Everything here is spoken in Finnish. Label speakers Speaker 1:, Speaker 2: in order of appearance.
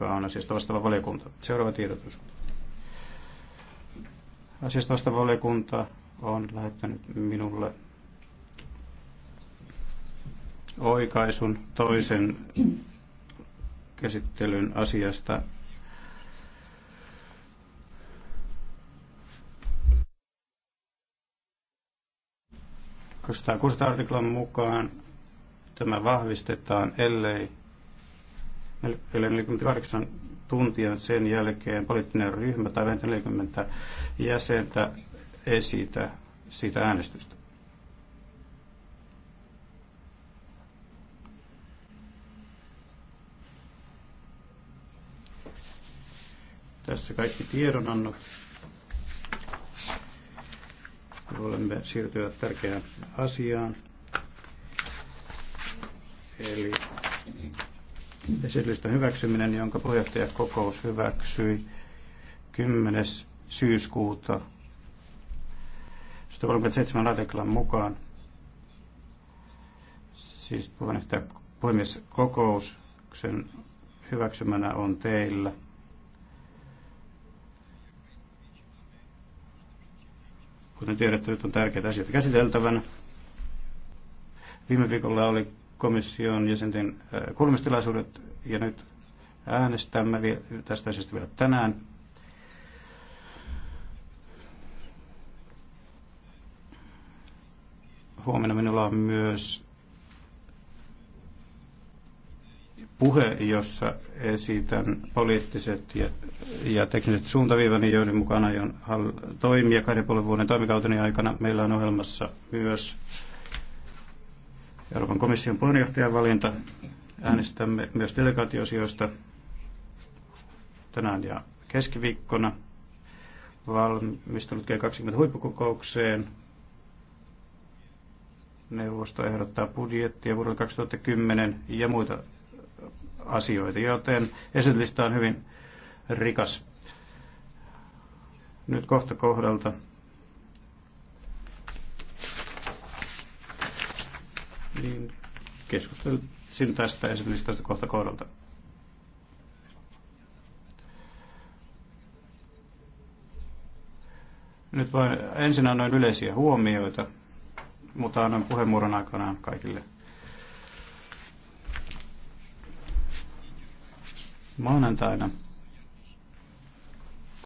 Speaker 1: joka on asiasta vastaava valiokunta. Seuraava tiedotus. Asiasta vastaava valiokunta on lähettänyt minulle oikaisun toisen käsittelyn asiasta artiklan mukaan tämä vahvistetaan, ellei 48 tuntia sen jälkeen poliittinen ryhmä tai vähintään 40 jäsentä esitä siitä äänestystä. Tässä kaikki tiedonannot. Olemme siirtyä tärkeään asiaan. Eli esitysten hyväksyminen, jonka puheenjohtajakokous hyväksyi 10. syyskuuta 137 artiklan mukaan. Siis puhemieskokouksen hyväksymänä on teillä. Kuten tiedätte, nyt on tärkeitä asioita käsiteltävänä. Viime viikolla oli komission jäsenten äh, kuulemistilaisuudet ja nyt äänestämme tästä asiasta vielä tänään. Huomenna minulla on myös puhe, jossa esitän poliittiset ja, ja tekniset suuntaviivani, joiden mukana aion toimia kahden puolen vuoden toimikauteni aikana. Meillä on ohjelmassa myös Euroopan komission puheenjohtajan valinta. Äänestämme myös delegaatiosioista tänään ja keskiviikkona. Valmistunut G20 huippukokoukseen. Neuvosto ehdottaa budjettia vuodelle 2010 ja muita asioita, joten esityslista on hyvin rikas. Nyt kohta kohdalta niin keskustelisin tästä tästä kohta kohdalta. Nyt vain ensin annoin yleisiä huomioita, mutta annan puheenvuoron aikanaan kaikille. Maanantaina